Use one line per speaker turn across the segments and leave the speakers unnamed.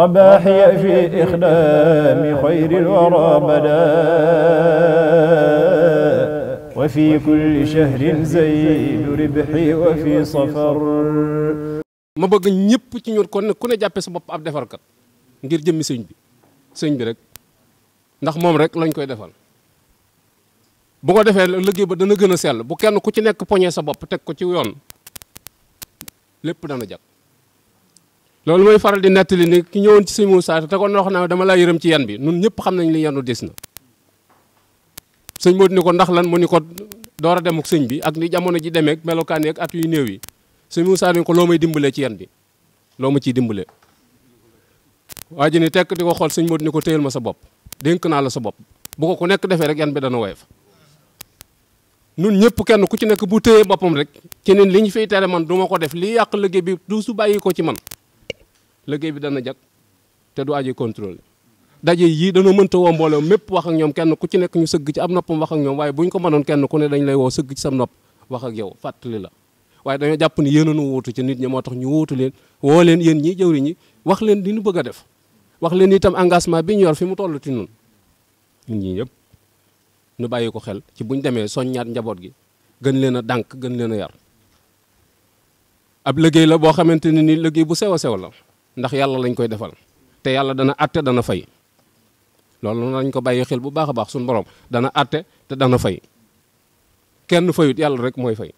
صباحي في إخدام خير الورى بدا وفي كل شهر زيد ربحي وفي صفر
ma bëgg ñëpp ci ñun kon ku ne jàppe sa bopp ab defarkat ngir jëmmi sëñ bi sëñ bi rek ndax moom rek lañ koy defal bu ko defee liggéey ba dana gën a sell bu kenn ku ci nekk poñee sa bopp teg ko ci yoon lépp dana jag loolu mooy faral di nettali ni ki ñëwoon ci sëñ Moussa te ko noox naa dama laa yërëm ci yan bi nun ñëpp xam nañ li yanu des na sëñ Modou ko ndax lan mu ni ko door dem sëñ bi ak ni jamono ji demee melokaan yi at yu néew yi sëñ Moussa ni ko loo may dimbalee ci yan bi loo ma ciy dimbalee waa ji ni tekk di ko xool sëñ Modou ko téyel ma sa bopp dénk naa la sa bopp bu ko ku nekk defee yan bi dana woyof nun ñëpp kenn ku ci nekk bu téyee boppam rek keneen li ñu fiy tere man duma ko def li yàq liggéey bi du su bàyyi ko ci man liggéey bi dana jag te du aji contrôle daje yii dañoo mënta woo mbooloo mépp wax ak ñoom kenn ku ci nekk ñu sëgg ci am noppam wax ak ñoom waaye bu ñu ko mënoon kenn ku ne dañ lay woo sëgg ci sam nopp wax ak yow fàttali la waaye dañoo jàpp ni yéen a nu wuutu ci nit ñi moo tax ñu wuutu leen woo leen yéen ñii jëwri ñi wax leen li ñu bëgg a def wax leen tam engagement bi ñu yor fi mu toll ti nun ñu ñii yëpp nu bàyyi ko xel ci buñ demee soññaat njaboot gi gën leen a dànk gën leen a yar ab liggéey la boo xamante ne ni liggéey bu sew a ndax yàlla lañ koy defal te yàlla dana atte dana fay loolu nañ ko bàyyi xel bu baax a baax suñu borom dana atte te dana fay kenn fayut yàlla rek mooy fay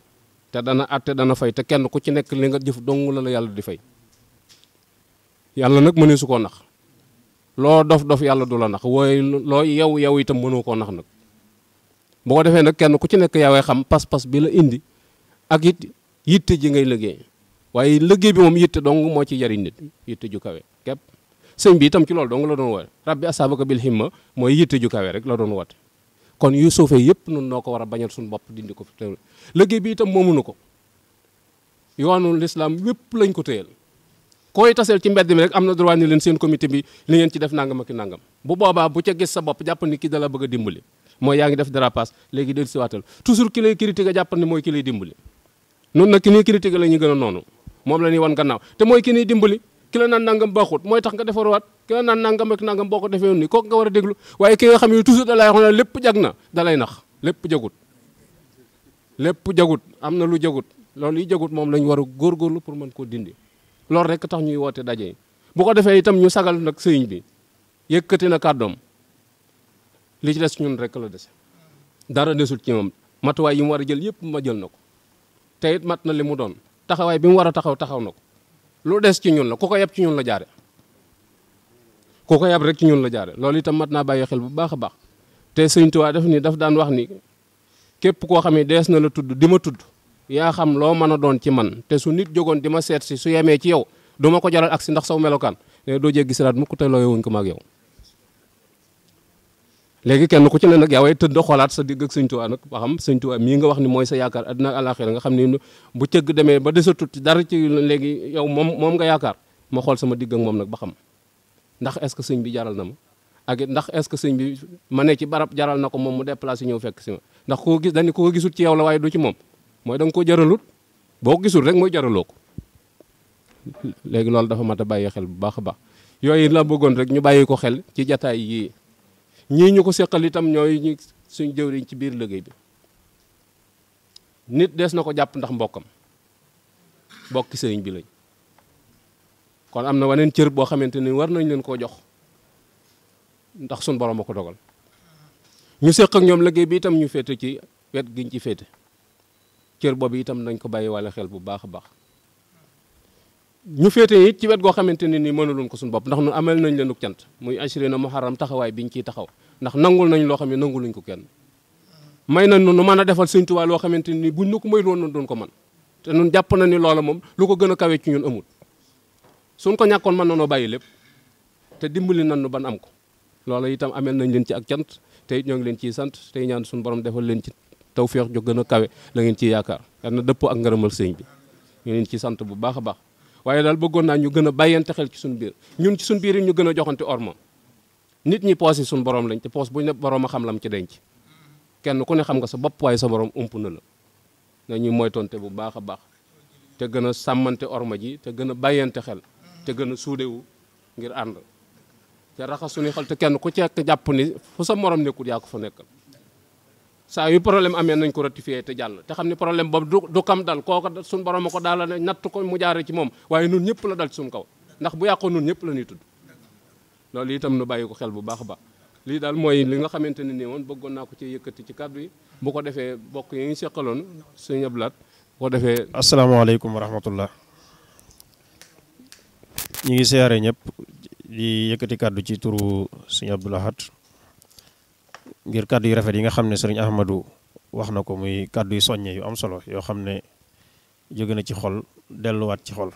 te dana atte dana fay te kenn ku ci nekk li nga jëf dong la la yàlla di fay yàlla nag mënee su koo nax loo dof-dof yàlla du la nax wooy loo yow yow itam mënoo koo nax nag boo defee nag kenn ku ci nekk yaa way xam pas-pas bi la indi ak it yitte ji ngay liggéey waaye liggéey bi moom yitte dong moo ci jariñ nit yitte ju kawe képp sëñ bi itam ci loolu dong la doon woote rabbi asaabaka bil himma mooy yitte ju kawe rek la doon woote kon yu suufee yëpp nun noo ko war a bañal suñu bopp dindi ko fi te liggéey bi itam moomunu ko yoonu lislaam yëpp lañ ko téyel koy taseel ci mbedd mi na droit leen seen comité bi li ci def nangam ak nangam bu boobaa bu ca gis sa bopp jàpp ni ki da la bëgg a dimbali mooy yaa ngi def dérapage léegi del si waatal toujours ki lay critiquer jàpp ni mooy ki lay dimbali noonu nag ki lay critiquer la ñu gën a noonu moom la ñuy wan gannaaw te mooy ki ñuy dimbali ki la naan nangam baaxut mooy tax nga defarwaat waat la naan nangam ak nangam boo ko defee ni kooku nga war a déglu waaye ki nga xam ne toujours da lay wax ne lépp jag na dalay nax lépp jagut lépp jagut am na lu jagut loolu yi jagut moom lañu war a góorgóorlu pour mën koo dindi loolu rek tax ñuy woote daje bu ko defee itam ñu sagal nag sëriñ bi yëkkati na kàddoom li ci des ñun rek la des dara desul ci moom matuwaay yi mu war a jël yëpp ma jël na ko te it mat na li mu doon taxawaay bi mu war a taxaw taxaw na ko lu des ci ñun la ku ko yab ci ñun la jaare ku ko yab rek ci ñun la jaare loolu itam mat naa bàyyi xel bu baax a baax te Sëñ waa daf ni daf daan wax ni képp koo xam ne dees na la tudd di ma tudd yaa xam loo mën a doon ci man te su nit jógoon di ma seet si su yemee ci yow du ma ko jaral ak si ndax saw melokaan ne eh, doo jéggi siraat mukk te looyowuñ ko maag yow léegi kenn ku ci ne nag yaa way tëdd xoolaat sa digg ak sëñ Tuubaa nag ba xam sëñ Tuubaa mii nga wax ni mooy sa yaakaar àddina ak àllaaxira nga xam ne bu cëgg demee ba desatut ci dara ci léegi yow moom moom nga yaakaar ma xool sama digg moom nag ba xam ndax est-ce que sëñ bi jaral na ma ak it ndax est que sëñ bi ma ne ci barab jaral na ko moom mu déplacé ñëw fekk si ma ndax koo gis dañu ko gisul ci yaw la waaye du ci moom mooy danga nga koo jaralut boo ko gisul rek mooy jaraloo ko léegi loolu dafa mat a bàyyi xel bu baax a baax yooyu la bëggoon rek ñu xel ci jataay yii ñii ñu ko seqal itam ñooy ñu suñ jëwriñ ci biir liggéey bi nit des na ko jàpp ndax mbokkam mbokki sëriñ bi lañ kon am na waneen cër boo xamante ni war nañ leen koo jox ndax suñ borom a ko dogal ñu seq ak ñoom liggéey bi itam ñu féete ci wet giñ ci féete cër boobu itam nañ ko bàyyi walla xel bu baax a baax ñu féete it ci wet goo xamante ne nii mënuluñ ko suñu bopp ndax ñun ameel nañ leen cant muy assuré na muharram taxawaay ñu ciy taxaw ndax nangul nañ loo xam ne nanguluñ ko kenn may nañ nu mën a defal Sëñ Tuubaa loo xamante nii bu buñ nu ko may loon doon ko man te nun jàpp na ni loola moom lu ko gën a kawe ci ñun amul suñ ko ñàkkoon mën nanoo bàyyi lépp te dimbali nañ nu ban am ko loola itam ameel nañ leen ci ak cant te ñoo ngi leen ciy sant tey ñaan suñu borom defal leen ci tawfeex jo gën a kawe la ngeen yaakaar yal na dëppoo ak ngërëmal sëñ bi ñu leen ciy sant bu baax a baax waaye daal bëggoon naa ñu gën a bàyyante xel ci suñu biir ñun ci suñ biir yi ñu gën a joxante orma nit ñi poos yi suñu boroom lañ te poos buñ ne borom a xam lam ci denc kenn ku ne xam nga sa bopp waaye sa borom ump na la na nañuy moytonte bu baax a baax te gën a sàmmante orma ji te gën a bàyyante xel te gën a suudewu ngir ànd te raxas suñuy xel te kenn ku ci jàpp ni fu sa morom nekkul yaa ko fa nekkal saa yu problème amee nañ ko ratifié te jàll te xam ni problème boobu du du kam dal kooka suñ borom a ko daala a natt ko mu jaare ci moom waaye nun ñëpp la suñ kaw ndax bu yàqoo nun ñëpp la ñuy tudd loolu itam nu bàyyi ko xel bu baax a baax lii daal mooy li nga xamante ne nii bëggoon naa ko ci yëkkati ci kàddu yi ko defee bokk yi ngi seqaloon suñu ablaat boo defee
asalaamaaleykum wa rahmatullah ñu ngi siyaare ñëpp di yëkkati kàddu ci turu suñu abdulahat ngir kàddu yu rafet yi nga xam ne sëriñ Ahmadou wax na ko muy kàddu yu soññe yu am solo yoo xam ne jóge na ci xol delluwaat ci xol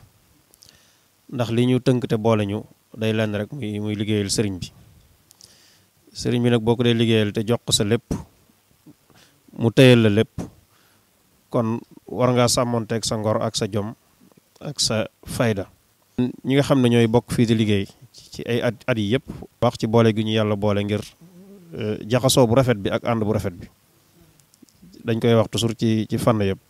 ndax li ñu tënk te boole ñu day lenn rek muy muy liggéeyal sëriñ bi sëriñ bi nag boo ko dee liggéeyal te jox ko sa lépp mu tëyal la lépp kon war ngaa sàmmonteeg sa ngor ak sa jom ak sa fayda. ñi nga xam ne ñooy bokk fii di liggéey ci ay at at yi yëpp. wax ci boole gi ñu yàlla boole ngir Eh, jaxasoo bu rafet bi ak ànd bu rafet bi dañ koy wax toujours ci ci fànn yëpp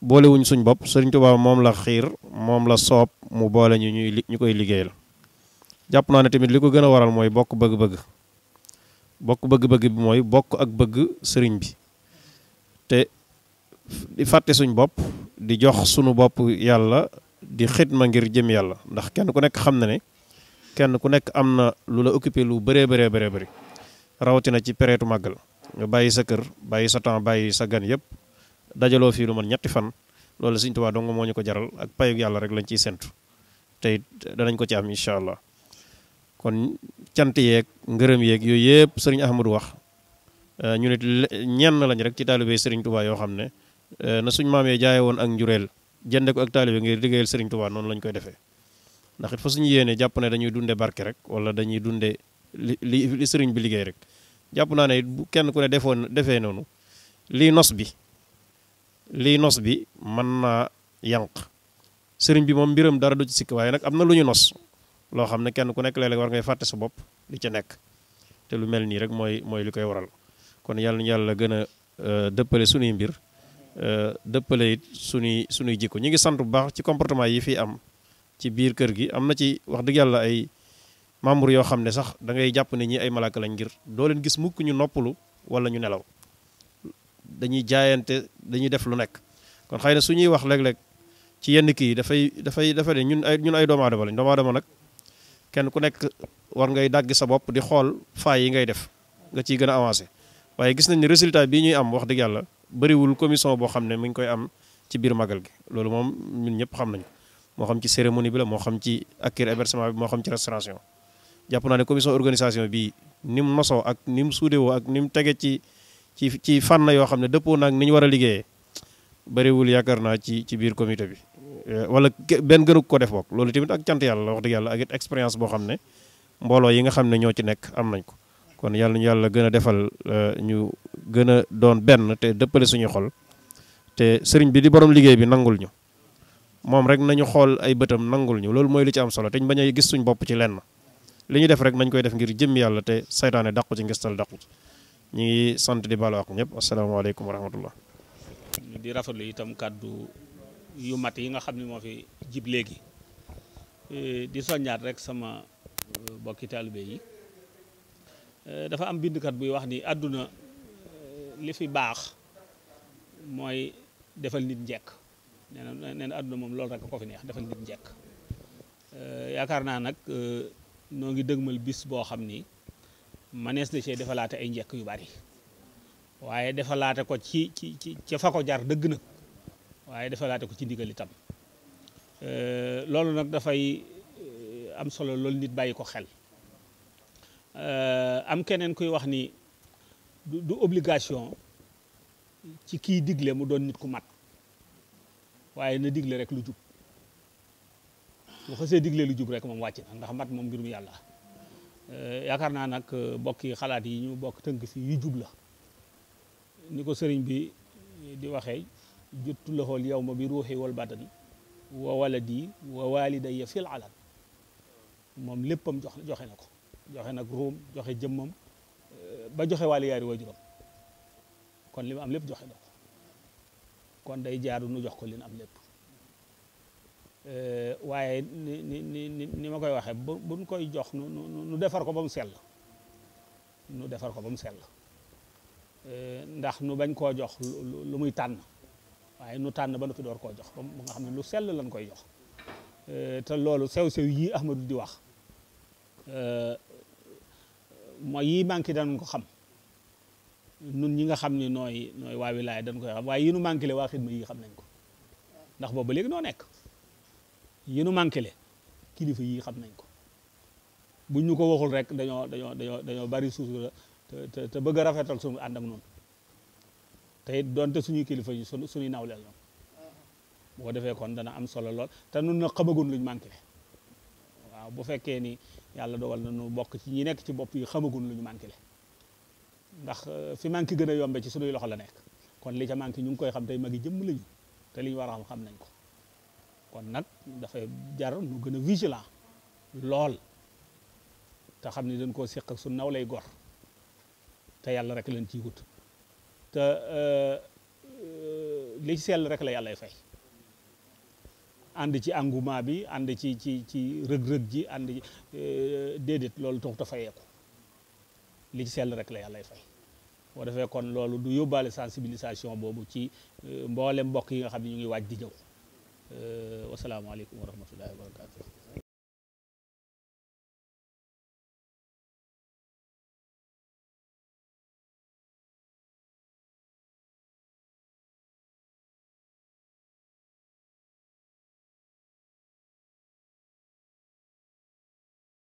boolewuñ suñ bopp Sëriñ Tuubaa moom la xiir moom la soob mu boole ñu ñuy ñu koy liggéeyal jàpp naa ne tamit li ko gën a waral mooy bokk bëgg-bëgg bokk bëgg-bëgg bi mooy bokk ak bëgg sëriñ bi te di fàtte suñ bopp di jox sunu bopp yàlla di ma ngir jëm yàlla ndax kenn ku nekk xam na ne kenn ku nekk am na lu la occupé lu bëree bëree bëree bëri rawatina ci pereetu màggal nga bàyyi sa kër bàyyi sa temps bàyyi sa gan yëpp dajaloo fii lu man ñetti fan loolu Sëñ Tuubaa dong moo ñu ko jaral ak payug yàlla rek lañ ciy séntu tey it danañ ko ci am incha allah kon cant yeeg ngërëm yeeg yooyu yëpp sëriñ Ahmadou wax euh, ñu nit ñenn lañ rek ci taalibe sëriñ Tuubaa yoo xam ne euh, na suñ maam yee jaaye woon ak njureel jënde ko ak taalibe ngir liggéeyal sëriñ Tuubaa noonu koy defee ndax it fa suñu yéene jàpp ne dañuy dunde barke rek wala dañuy dunde li li sëriñ bi liggéey rek jàpp naa ne bu kenn ku ne defoon defee noonu lii nos bi lii nos bi mën naa yànq sëriñ bi moom mbiram dara du ci sikk waaye nag am na lu ñu nos loo xam ne kenn ku nekk léeg-léeg war ngay fàtte sa bopp li ca nekk te lu mel nii rek mooy mooy li koy waral kon yàlla ñu yàlla gën a euh, dëppale suñuy mbir euh, dëppale it suñuy sunuy jikko ñu ngi sant bu baax ci comportement yi fi am ci biir kër gi am na ci wax dëgg yàlla ay membre yoo xam ne sax da ngay jàpp ne ñi ay malaaka lañ ngir doo leen gis mukk ñu noppalu wala ñu nelaw dañuy jaayante dañuy def lu nekk kon xëy na su ñuy wax léeg-léeg ci yenn kii dafay dafay dafa ñun ay ñun doomu aadama lañ doomu aadama nag kenn ku nekk war ngay dàgg sa bopp di xool faay yi ngay def nga ciy gën a avancé waaye gis nañ ne résultat bii ñuy am wax dëgg yàlla bëriwul commission boo xam ne mi ngi koy am ci biir magal gi moom ñëpp xam nañ moo xam ci cérémonie bi la moo xam ci accueil hébergement bi moo xam ci restauration jàpp naa ne commission organisation bi ni mu nosoo ak ni mu suudewoo ak ni mu tege ci ci ci fànn yoo xam ne dëppoo naag ni ñu war a liggéeyee bëriwul yaakaar naa ci ci biir comité bi euh, wala benn gënu ko def boog loolu tamit ak cant yàlla wax dëgg yàlla ak expérience boo xam ne mbooloo yi nga xam ne ñoo ci nekk am nañ ko kon yàlla ñu yàlla gën a defal euh, ñu gën a doon benn te dëppale suñu xol te sëriñ bi di borom liggéey bi nangul moom rek nañu xool ay bëtam nangul ñu loolu mooy li ci am solo te ñu bañ a gis suñ bopp ci lenn li ñu def rek nañ koy def ngir jëm yàlla te saytaane dàqu ci ngistal dàqu ci ñu sant di baalu àq ñëpp asalaamaaleykum wa rahmatullah
di rafetlu itam kàddu yu mat yi nga xam ne moo fi jib léegi e, di soññaat rek sama e, bokki taalibe yi e, dafa am bindkat buy wax ni àdduna li fi baax mooy defal nit njekk nee na nee na àdduna moom loolu rek ko fi neex dafa nit njekk euh, yaakaar naa nag euh, noo ngi dëgmal bis boo xam ni manees na cee defalaate ay njekk yu bari waaye defalaate ko ci ci ci ca fa ko jar dëgg nag waaye defalaate ko ci ndigal itam euh, loolu nag dafay am solo loolu nit bàyyi ko xel am keneen kuy wax ni du obligation ci kiy digle mu doon nit ku mat waaye na digle rek lu jub bu xasee digle lu jub rek moom wàcc na ndax mat moom mbirum yàlla eh, yaakaar naa nag eh, bokki xalaat yi ñu bokk tënk fi yu jub la ni ko sëriñ bi eh, di waxee juttu loxool yow ma bi ruuxi wal badani wa waladi wa walidayya fil alam moom léppam jox joxe na ko joxe nag ruum joxe jëmmam ba joxe waali yaari waajuram kon li mu am lépp joxe na kon day jaaru nu jox ko leen am lépp euh, waaye ni ni ni ni ma koy waxee bu buñ koy jox nu nu defar ko ba mu sell nu defar ko ba mu sell euh, ndax nu bañ koo jox lu muy tànn waaye nu tànn ba nu fi door koo jox ba nga xam ne lu sell lañ koy jox euh, te loolu sew-sew yii Ahmadou di wax mooy yii manqué danañ ko xam nun ñi nga xam ni nooy nooy waa wilaaya koy xam waaye yi nu manqué le waa xidma yi xam nañ ko ndax boobu léegi noo nekk yi nu manqué le kilifa yii xam nañ ko bu ñu ko waxul rek dañoo dañoo dañoo dañoo bari suusu te bëgg rafetal suñu ànd ak noonu te it doonte suñuy kilifa yi suñu suñuy nawleel noonu bu ko defee kon dana am solo lool te nun na xamagun luñ manqué waaw bu fekkee ni yàlla dogal na nu bokk ci ñi nekk ci bopp yi xamagun luñu manqué ndax euh, fi manque gën a yombe ci sunuy loxo la nekk kon li ca manque ñu ngi koy xam tey magi jëmm lañu te li ñu war a xam nañ ko kon nag dafay jar nu gën a vigilant lool te xam ni dañ koo séq ak su naw lay gor te yàlla rek lañ ciy wut te euh, li ci sell rek la yàllay fay ànd ci engouement bi ànd ci ci ci rëg-rëg ji ànd euh, déedéet loolu taxut a fayeeku li ci sell rek la yàllay fay boo defee kon loolu du yóbbaale sensibilisation boobu ci euh, mboolem mbokk yi nga xam ne ñu ngi waaj di ñëw euh, wasalaamaaleykum wa rahmatullahi wa barakatu